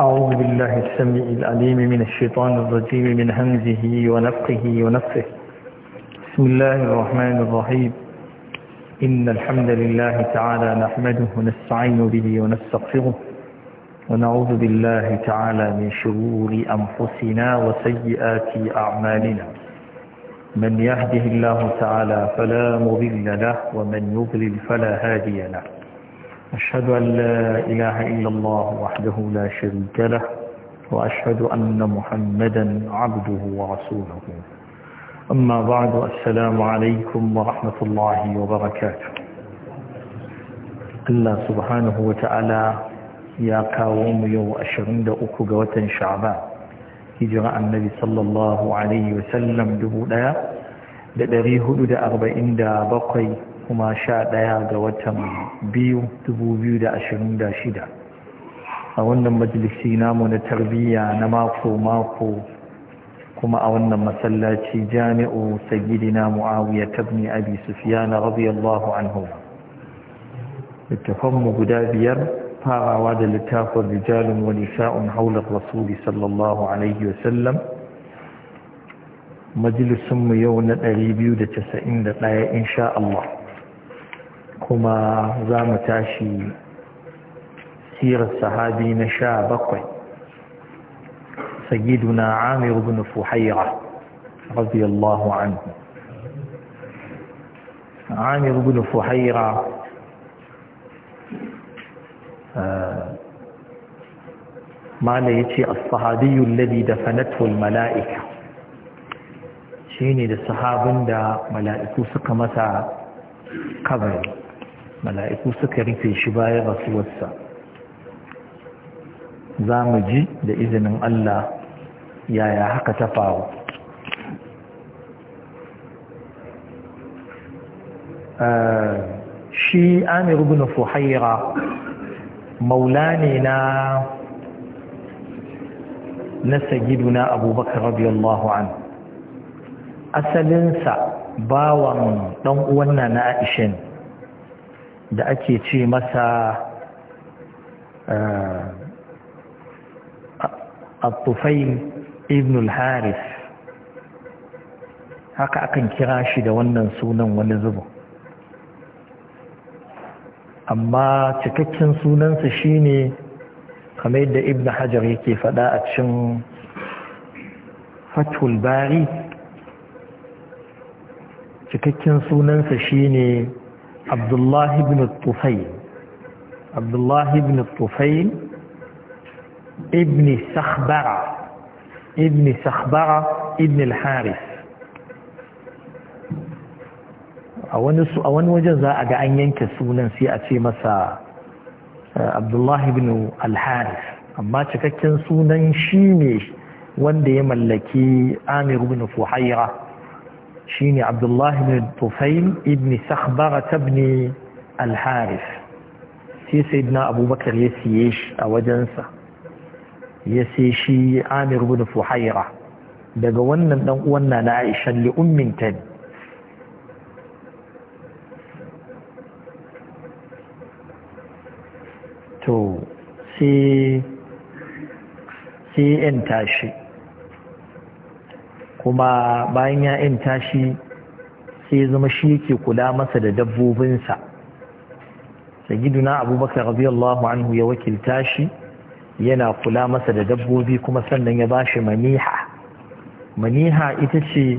أعوذ بالله السميع العليم من الشيطان الرجيم من همزه ونفقه ونفسه بسم الله الرحمن الرحيم إن الحمد لله تعالى نحمده ونستعين به ونستغفره ونعوذ بالله تعالى من شرور أنفسنا وسيئات أعمالنا من يهده الله تعالى فلا مضل له ومن يضلل فلا هادي له أشهد أن لا إله إلا الله وحده لا شريك له وأشهد أن محمدا عبده ورسوله أما بعد السلام عليكم ورحمة الله وبركاته الله سبحانه وتعالى يا كاوم يو أشرين دأكو قوة شعبان هجرة النبي صلى الله عليه وسلم دبولا لدريه لدأربئن أربعين kuma sha ɗaya ga watan biyu dubu biyu da ashirin da shida a wannan majalisi namu na tarbiyya na mako-mako kuma a wannan masallaci jami'u sagidina mu'awiya tabni abi sufyan radiyallahu anhu littafanmu guda biyar farawa da littafin rijalun wani nisa'un haular rasuli sallallahu alaihi wasallam majalisunmu yau na 291 insha Allah كما زام تاشي سير sirar نشا بقي سيدنا عامر بن فحيرة رضي الله عنه عامر بن فحيرة ما ليتي الصحابي الذي دفنته الملائكة شيني للصحاب دا ملائكة سقمة قبل mala'iku suka rufe shi bayan rasuwarsa za mu ji da izinin Allah yaya haka ta faru eh, shi amir ibn fuhaira maula ne na na abubakar radiyallahu an asalinsa bawan ɗan uwan na na aishin da ake ce masa eh, al Ibnul haris haka akan kira shi da wannan sunan wani zuba amma cikakken sunansa shine kamar yadda ibn hajar yake fada a cikin fathul bari cikakken sunansa shine عبد الله بن الطفيل عبد الله بن الطفيل ابن سخبرة a wani wajen za a ga an yanke sunan sai a ce masa eh, abdullahi bin alharis amma cikakken sunan shi ne wanda ya mallaki amir bin fuhaira shine abdullahi ibn tufayn ibn sakhbara tabni al sai sayyidina abubakar ya siye shi a wajensa ya sai shi amir ibn fuhaira daga wannan dan uwan na aisha li ummin tan to sai yan tashi kuma bayan ya tashi shi sai zama shi yake kula masa da dabbobinsa sayyiduna abubakar radiyallahu anhu ya wakilta shi yana kula masa da dabbobi kuma sannan ya ba shi maniha maniha ita ce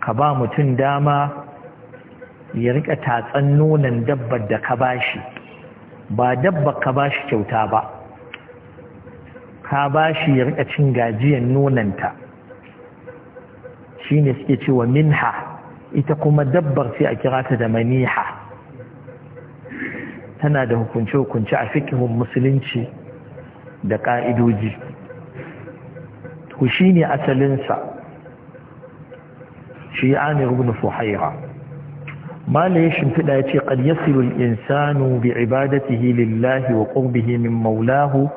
ka ba mutum dama ya rika tatsan nonon dabbar da ka bashi ba dabbar ka bashi kyauta ba ka bashi ya rika cin gajiyan ta shine suke cewa minha ita kuma dabbar sai a kira ta da maniha tana da hukunce-hukunce a fikihun musulunci da ƙa'idoji ku shi ne asalinsa shi amir ibn fuhaira mala ya shimfiɗa ya ce ƙad yasirul insanu bi ibadatihi lillahi wa ƙurbihi min maulahu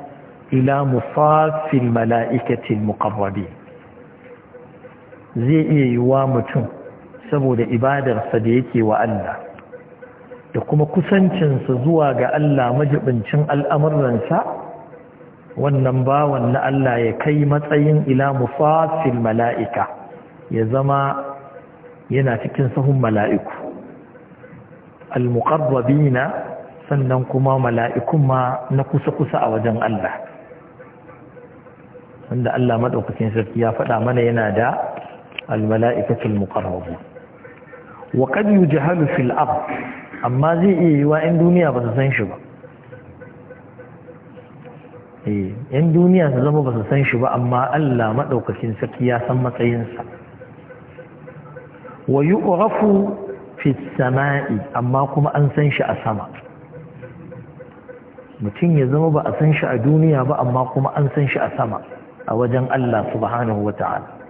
ila mufafin mala'ikatin muƙarrabi zai iya yiwuwa mutum saboda ibadarsa da yake wa Allah da kuma kusancinsa zuwa ga Allah majibincin al'amuransa wannan bawan na Allah ya kai matsayin ila mufasil mala'ika ya zama yana cikin sahun mala'iku al-muqarrabina sannan kuma mala'ikun ma na kusa-kusa a wajen Allah wanda Allah maɗaukacin sarki ya faɗa mana yana da الملائكة المقربون وقد يجهل في الأرض أما زي إيه وإن دنيا بس سنشبه yan duniya su zama ba su san ba amma Allah maɗaukakin sarki ya san matsayinsa wa yi ƙorafu fi amma kuma an san a sama mutum ya zama ba a san shi a duniya ba amma kuma an sanshi a sama a wajen Allah subhanahu wa ta'ala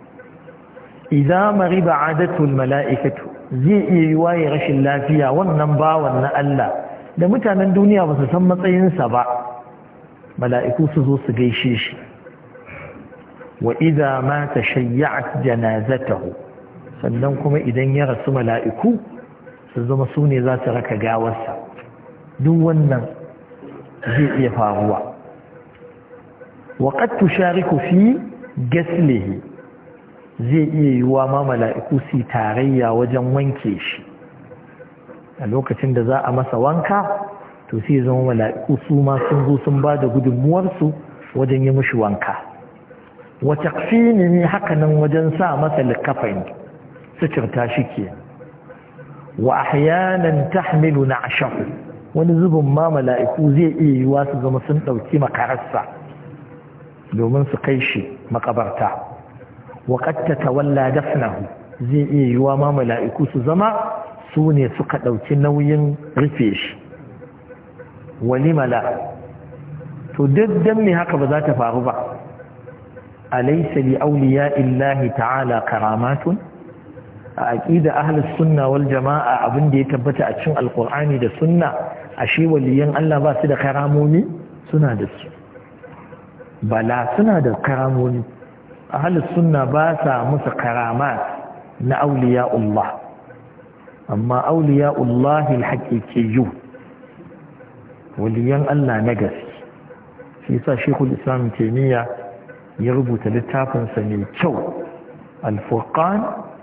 idza mariba adatul mala'ikatu zai iya yi waye rashin lafiya wannan bawan na Allah da mutanen duniya ba su san matsayinsa ba mala'iku su zo su gaishe shi wa idza mata shayya'at janazatahu sannan kuma idan ya rasu mala'iku su zama su ne za su raka gawarsa duk wannan zai iya faruwa wa qad tushariku fi gaslihi zai iya yiwuwa ma mala'iku su tarayya wajen wanke shi a lokacin da za a masa wanka to sai zama mala'iku su ma sun zo sun ba da gudunmuwarsu wajen yi mushi wanka wata fini ne nan wajen sa masa likafani sucirta shi ke wa ahyanan tahmilu na ashahu wani zubin ma mala'iku zai iya yiwuwa su zama sun ɗauki makararsa domin su kai shi makabarta وقد تتولى دفنه زي إيه وما ملائكو سزما سوني سقط أو تنوي رفيش ولم لا تدد دمي هكذا ذات فاغبة أليس لأولياء الله تعالى كرامات أكيد أهل السنة والجماعة أبن دي تبت أتشن القرآن دا سنة أشي وليين ألا باسد كراموني سنة دا بلا سنة دا كراموني ahalus sunna ba sa musu karama na auliya'ullah amma auliya'ullahi yu waliyan Allah na gaske shi yasa Sheikhul Islam Taymiya ya rubuta littafinsa mai kyau alfurkan furqan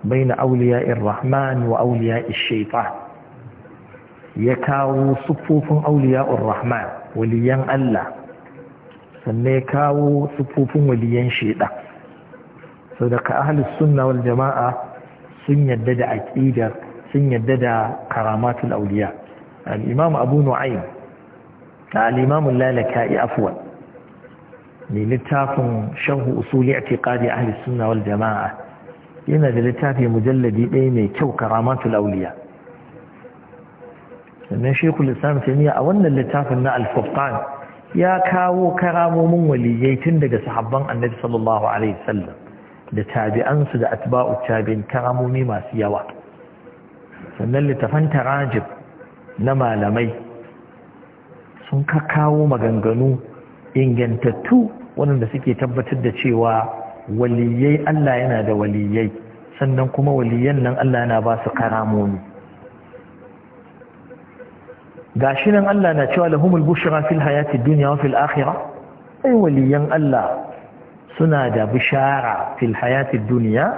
baina auliya'ir rahman wa auliya'ish shaytan ya kawo sufufin auliya'ur rahman waliyan Allah sannan ya kawo sufufin waliyan shaytan sau da ka ahalus sunna wal jama'a sun yadda da aƙidar sun yadda da karamatul auliya al'imamu abu nu'ayin ta al'imamun lalaka'i afuwa mai littafin sharhu usuli a teƙari ahalus sunna wal jama'a yana da littafi mujalladi ɗaya mai kyau karamatul auliya sannan shekul islam taimiyya a wannan littafin na alfurqan ya kawo karamomin waliyyai tun daga sahabban annabi sallallahu alaihi wasallam da tabi'ansu da atba'u tabi'in karamomi masu yawa sannan littafan tarajib na malamai sun kawo maganganu ingantattu waɗanda suke tabbatar da cewa waliyai Allah yana da waliyai sannan kuma waliyan nan Allah yana ba su karamomi gashi nan Allah na cewa lahumul bushra fil hayati dunya wa fil akhirah ai waliyan Allah suna da bishara fil hayatid duniya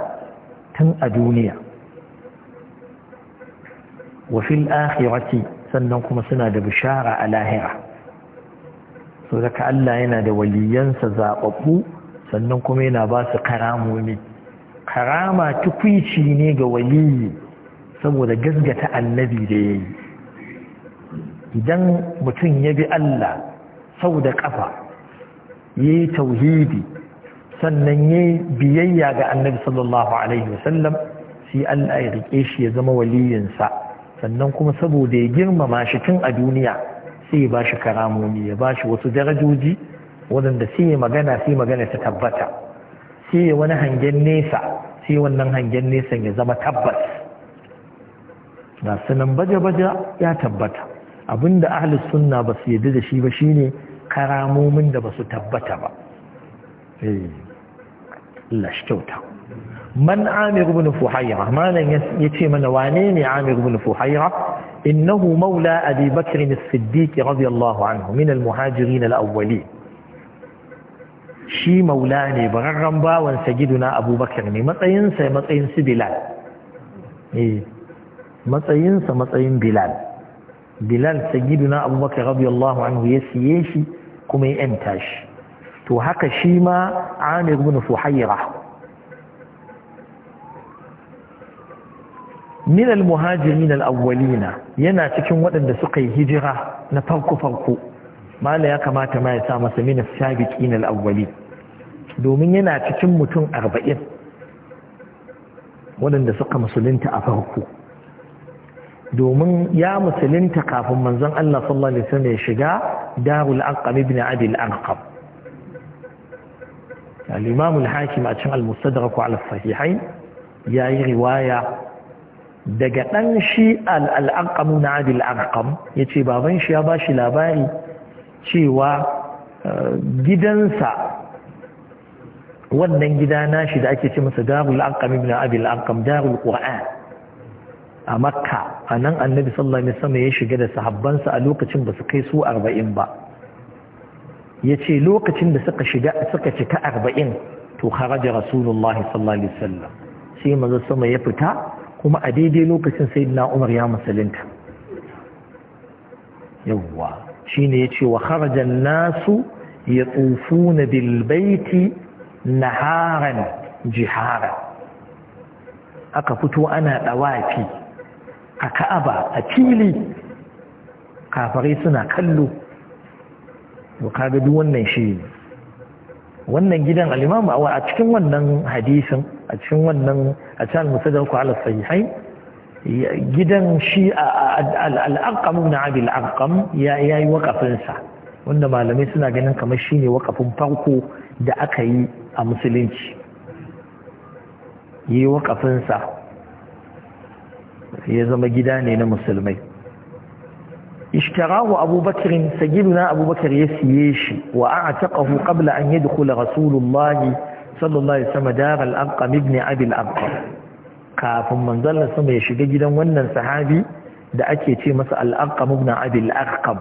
tun a duniya wa fil akhirati sannan kuma suna da bishara a lahira so daga Allah yana da waliyansa zababbu sannan kuma yana ba su karamomi karama tukwici ne ga waliyi saboda gasgata annabi da ya yi idan mutum ya bi Allah sau da ƙafa ya yi tauhidi sannan ya biyayya ga annabi sallallahu alaihi wasallam sai Allah ya rike shi ya zama waliyinsa sannan kuma saboda ya girmama shi tun a duniya sai ya bashi karamomi ya bashi wasu darajoji wadanda sai ya magana sai magana ta tabbata sai ya wani hangen nesa sai wannan hangen nesan ya zama tabbas ga sunan baje-baje ya tabbata abinda ahli sunna ba su yadda da shi ba shine karamomin da ba su tabbata ba eh. Allah shi kyauta man amir ibn fuhaira malan yace mana wane ne amir ibn fuhaira innahu maula abi bakr as-siddiq radiyallahu anhu min al-muhajirin al-awwalin shi maula ne bararren bawan sagiduna abubakar ne matsayinsa matsayin su bilal matsayinsa matsayin bilal bilal sagiduna abubakar radiyallahu anhu ya siye shi kuma ya yanta shi to haka shi ma amir bin suhaira min al-muhajirin na, yana cikin waɗanda suka yi hijira na farko farko mala ya kamata ma ya sa masa min as al'awwali. domin yana cikin mutum arba'in waɗanda suka musulunta a farko domin ya musulunta kafin manzon Allah sallallahu alaihi wasallam ya shiga darul aqab ibn abi al الإمام الحاكم أتشن المستدرك على الصحيحين daga رواية دقا شيء الأرقم نعد الأرقم يتي بابن شيء باشي لاباري cewa gidansa wannan gida nashi da ake ce masa darul arqam ibn abi al-arqam darul qur'an a makka anan annabi sallallahu alaihi wasallam ya shiga da sahabbansa a lokacin ba su kai su 40 ba ya ce lokacin da suka shiga suka cika arba'in to haraja rasulullah sallallahu alaihi wasallam sai maza sama ya fita kuma a daidai lokacin sayyidina umar ya musulunta yawwa shine yace wa kharaja an-nasu yatufuna bil baiti naharan jihara aka fito ana dawafi a ka'aba a fili kafari suna kallo to kaga duk wannan shi wannan gidan al-Imam a cikin wannan hadisin a cikin wannan a cikin musaddar ku ala sahihai gidan shi al-Aqam ibn Abi al-Aqam ya yayi wakafin sa wanda malamai suna ganin kamar shine wakafin farko da aka yi a musulunci yi wakafin sa ya zama gida ne na musulmai اشتراه أبو بكر سجلنا أبو بكر يسيش وأعتقه قبل أن يدخل رسول الله صلى الله عليه وسلم دار الأرقم ابن أبي الأرقم كافم من ظل سمع شجدا ونن صحابي da ake ce masa al'arƙam ibn abil arqam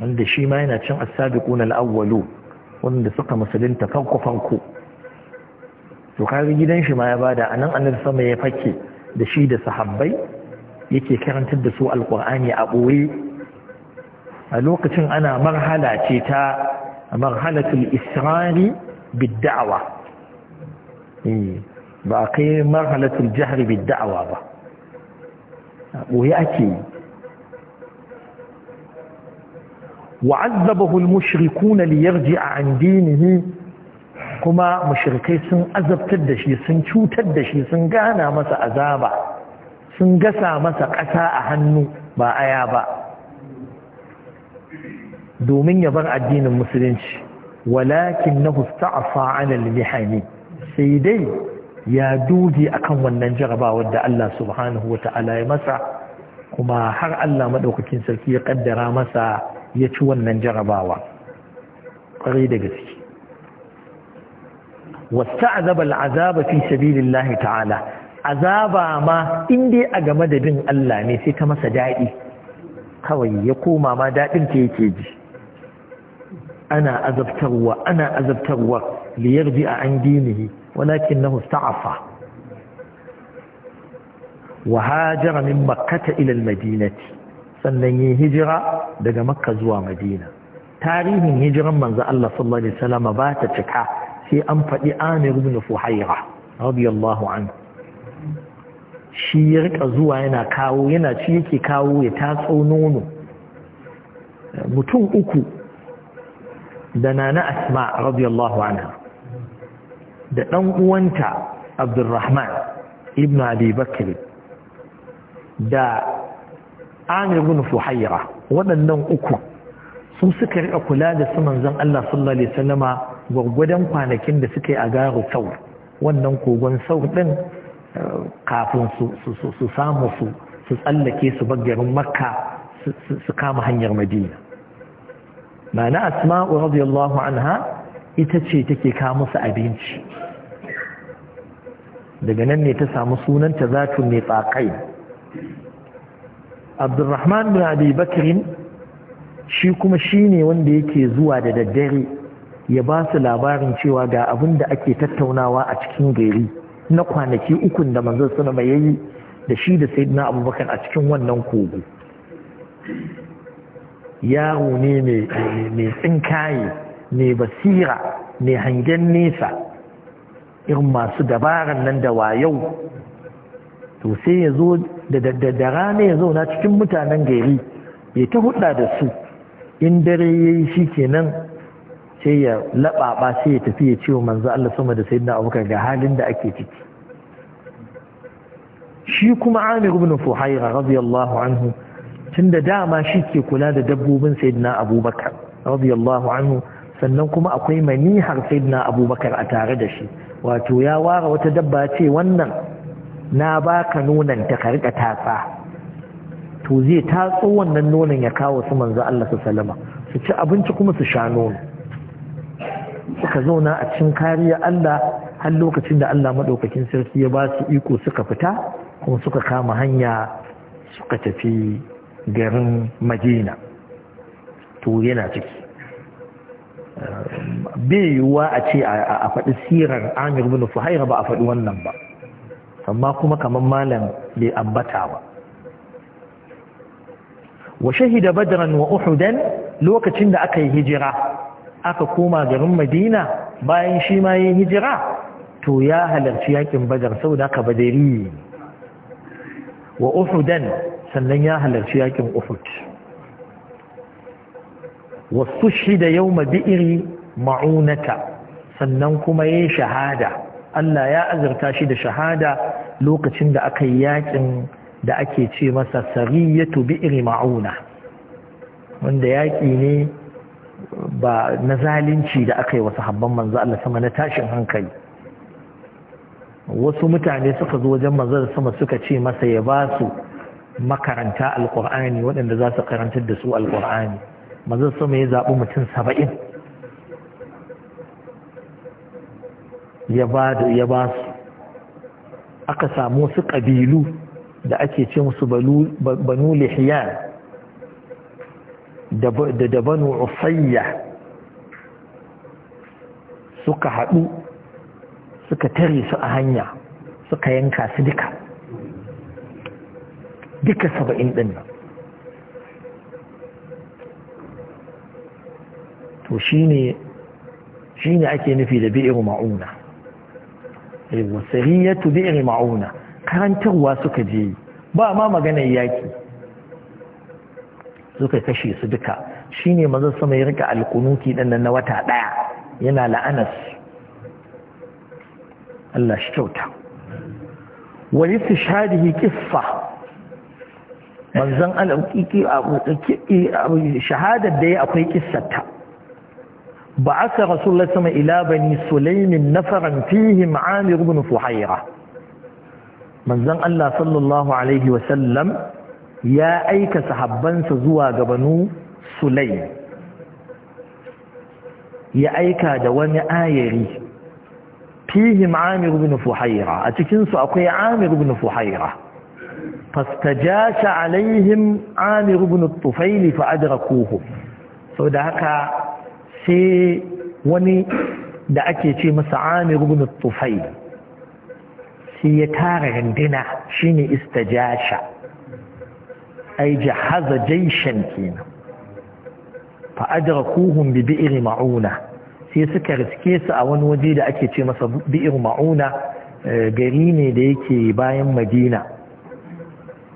wanda shi ma yana cin as-sabiquna al-awwalu wanda suka musulunta farko farko gidan shi ma ya bada anan anan sama ya fake da shi da sahabbai yake karantar da su alkur'ani a ɓoye a lokacin ana marhala ce ta marhalatul israri bidda'awa eh, ba a kai marhalatul jihar bidda'awa ba a ɓoye ake yi wa'azzabahu al-mushrikuna li yarji'a an dinihi kuma mushrikai sun azabtar da shi sun cutar da shi sun gana masa azaba sun gasa masa ƙasa a hannu ba aya ba domin ya bar addinin musulunci walakin na husta'afa anil mihani sai dai ya duge akan wannan jarabawar da Allah subhanahu wa ta'ala ya masa kuma har Allah maɗaukakin sarki ya ƙaddara masa ya ci wannan jarabawa ƙwarai da gaske واستعذب العذاب في سبيل الله azaba ma in dai a game da bin Allah ne sai ta masa daɗi kawai ya koma ma daɗin ta yake ji ana azabtarwa ana azabtarwa liyarji a an dinihi walakin na musta'afa wa hajara min makkata ila madinati sannan ya hijira daga makka zuwa madina tarihin hijiran manzo Allah sallallahu alaihi wasallam ba ta cika sai an faɗi Amir ibn Fuhaira radiyallahu anhu shi ya rika zuwa yana kawo yana ci yake kawo ya tatso nono mutum uku da nana asma radiyallahu anha da ɗan uwanta abdurrahman ibn abi bakri da amir ibn fuhaira waɗannan uku sun suka rika kula da su manzon Allah sallallahu alaihi wasallama kwanakin da suka yi a garu sau wannan kogon sau din kafin su samu su su tsallake su bagarin makka su kama hanyar madina mana asma'u radiyallahu anha ita ce take kama musu abinci daga nan ne ta samu sunanta zatu mai tsakai abdurrahman bin abi bakirin shi kuma shi ne wanda yake zuwa da daddare ya ba su labarin cewa ga abin da ake tattaunawa a cikin gari na kwanaki ukun da manzon ma yayi da shi da sayyidina abubakar a cikin wannan kogo yaro ne mai tsinkaye mai basira mai hangen nesa irin masu dabaran nan da wayau to sai ya zo da rana ya zauna cikin mutanen gari ya ta hudda da su in dare ya yi shi kenan sai ya laɓaɓa sai ya tafi ya ce wa manzo Allah sama da sayyidina Abubakar ga halin da ake ciki shi kuma Amir ibn Fuhaira radiyallahu anhu tunda dama shi ke kula da dabbobin sayyidina Abubakar radiyallahu anhu sannan kuma akwai manihar sayyidina Abubakar a tare da shi wato ya ware wata dabba ce wannan na baka nonan ta karka tatsa to zai tatso wannan nonon ya kawo su manzo Allah su salama su ci abinci kuma su sha nono suka zauna a cikin kariya Allah har lokacin da Allah maɗaukakin sarki ya ba su iko suka fita kuma suka kama hanya suka tafi garin Madina to yana ciki bai yiwuwa a ce a faɗi sirar Amir bin Fuhaira ba a faɗi wannan ba amma kuma kamar malam bai ambata ba wa shahida badran wa uhudan lokacin da aka yi hijira aka koma garin madina bayan shi ma yi hijira to ya halarci yakin badar saboda haka badari wa uhudan sannan ya halarci yakin uhud wasu shida yau iri ma'unata sannan kuma ya shahada Allah ya azurta shi da shahada lokacin da aka yi yakin da ake ce masa sariyatu iri ma'una wanda yaƙi ne ba na zalunci da aka yi wasu habban manzo Allah sama na tashin hankali wasu mutane suka zo wajen manzo sama suka ce masa ya ba su makaranta alkur'ani waɗanda za su karantar da su alkur'ani manzo sama ya zaɓi mutum saba'in ya ba ya ba su aka samu wasu ƙabilu da ake ce musu banu lihiyan da banu usayya suka haɗu suka tare su a hanya suka yanka su duka duka saba'in ɗin to shine shine ake nufi da bi'ir ma'una yawa sariyatu bi'ir ma'una karantarwa suka je ba ma maganar yaki suka kashe su duka shine manzon sama ya rika alkunuti din nan na wata daya yana la'anas Allah shi kyauta wa istishhadihi qissa manzon alƙiƙi a shahadar da ya akwai kissarta ta رسول الله صلى إلى بني سليم نفرا فيهم عامر بن فحيرة من زن Allah Sallallahu alaihi wa sallam. ya aika sahabbansa zuwa ga banu sulai ya aika da wani ayari fihim amir ibn fuhaira a cikinsu akwai amir ibn fuhaira fastajasha alaihim amir ibn tufaili fa adrakuhu sau da haka sai wani da ake ce masa amir ibn tufaili sai ya tara rindina shine istajasha ai jahaza jaishan kenan fa adrakuhum bi bi'r ma'una sai suka riske su a wani waje da ake ce masa bi'r ma'una gari ne da yake bayan madina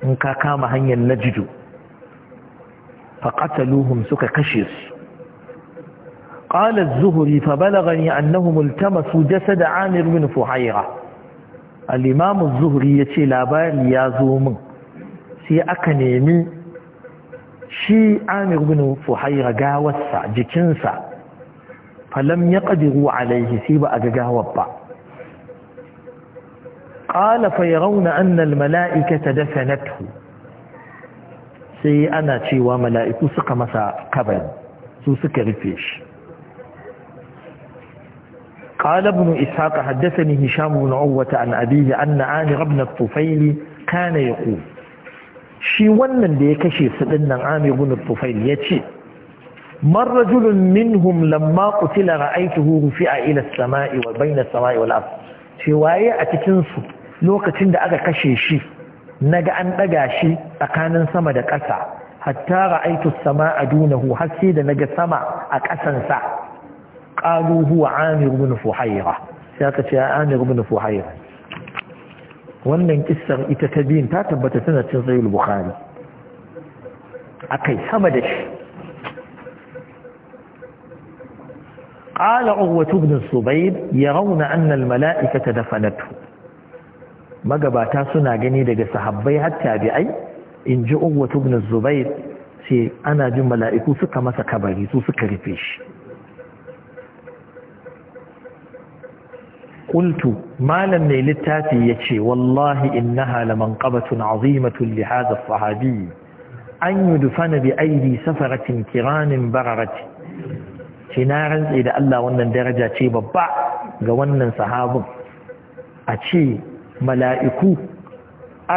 in ka kama hanyar najdu fa qataluhum suka kashe su قال الزهري فبلغني أنهم التمسوا جسد عامر بن فحيرة الإمام الزهري يتي لابار يازومن sai aka nemi shi amir bin fuhaira gawarsa jikinsa falam ya ƙadiru alaihi sai ba a ga gawar ba ƙala rauna annal mala'ikata dafanatu sai ana cewa mala'iku suka masa kabari su suka rufe shi قال ابن إسحاق حدثني هشام بن عوة عن أبيه أن عامر بن kana ya يقول shi wannan da ya kashe su din nan Amir ibn Tufail yace man rajulun minhum lamma qutila ra'aytuhu a ila samai wa bayna samai wal ard ce waye a cikin su lokacin da aka kashe shi naga an daga shi tsakanin sama da ƙasa hatta ra'aytu as-sama'a dunahu har sai da naga sama a ƙasan sa qalu huwa Amir ibn Fuhayra sai aka ce Amir ibn wannan kissar ita ta biyun ta tabbata tana cin sayul bukhari kai sama da shi قال عروة بن الزبير يرون أن الملائكة دفنته magabata suna gani daga sahabbai har tabi'ai in ji uwatu ibn zubair ce ana jin mala'iku suka masa kabari su suka rufe shi qultu malam mai littafi yace wallahi innaha lamanqabatun azimatun li hadha as-sahabi an yudfana bi aidi safaratin kiramin bararati ce na rantse da Allah wannan daraja ce babba ga wannan sahabin a ce mala'iku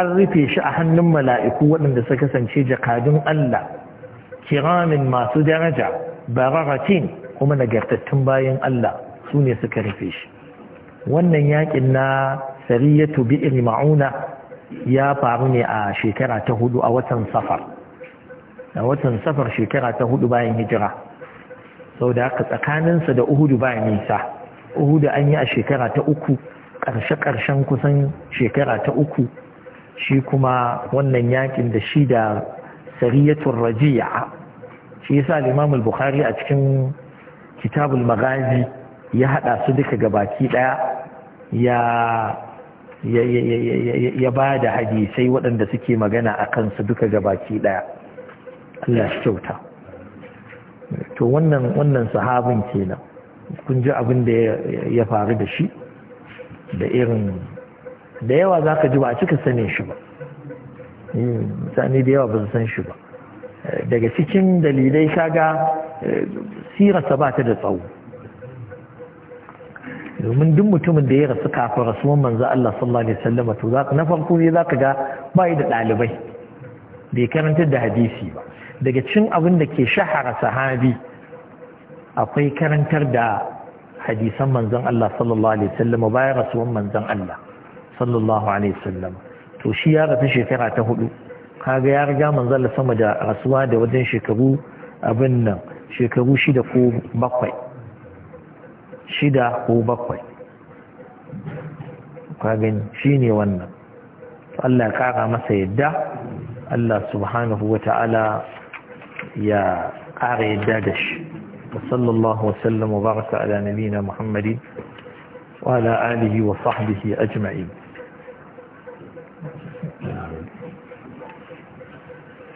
an rufe shi a hannun mala'iku waɗanda suka kasance jakadun Allah kiramin masu daraja bararatin kuma nagartattun bayan Allah su ne suka rufe shi wannan yakin na sariyatu bi ma'una ya faru ne a shekara ta hudu a watan safar a watan safar shekara ta hudu bayan hijira sau da haka tsakaninsa da uhudu bayan nisa uhudu an yi a shekara ta uku ƙarshe-ƙarshen kusan shekara ta uku shi kuma wannan yakin da shi da sariyatun rajiya shi yasa limamul bukhari a cikin kitabul magazi ya haɗa su duka gabaki ɗaya ya ba da hadisai waɗanda suke magana a kansu duka gabaki ɗaya Allah shi kyauta to wannan wannan sahabin kenan kun ji abin da ya faru da shi da irin da yawa za ka ji ba a cika sanin shi ba sani hmm, da yawa ba su san shi ba daga cikin dalilai kaga eh, sirarsa ba ta da tsawo domin duk mutumin da ya rasu kafin rasuwan manzo Allah sallallahu alaihi wasallam to za na farko ne ka ga bai da dalibai bai karantar da hadisi ba daga cin abin da ke shahara sahabi akwai karantar da hadisan manzon Allah sallallahu alaihi wasallam bayan rasuwan manzon Allah sallallahu alaihi wasallam to shi ya rasu shekara ta hudu kaga ya riga manzon Allah sama da rasuwa da wajen shekaru abin nan shekaru shida ko bakwai shida ko bakwai kwagin shi ne wannan Allah kaka masa yadda Allah subhanahu wa ta'ala ya kara yadda da shi sallallahu wasallam wa baraka ala nabina muhammadin wa ala alihi wa sahbihi ajma'in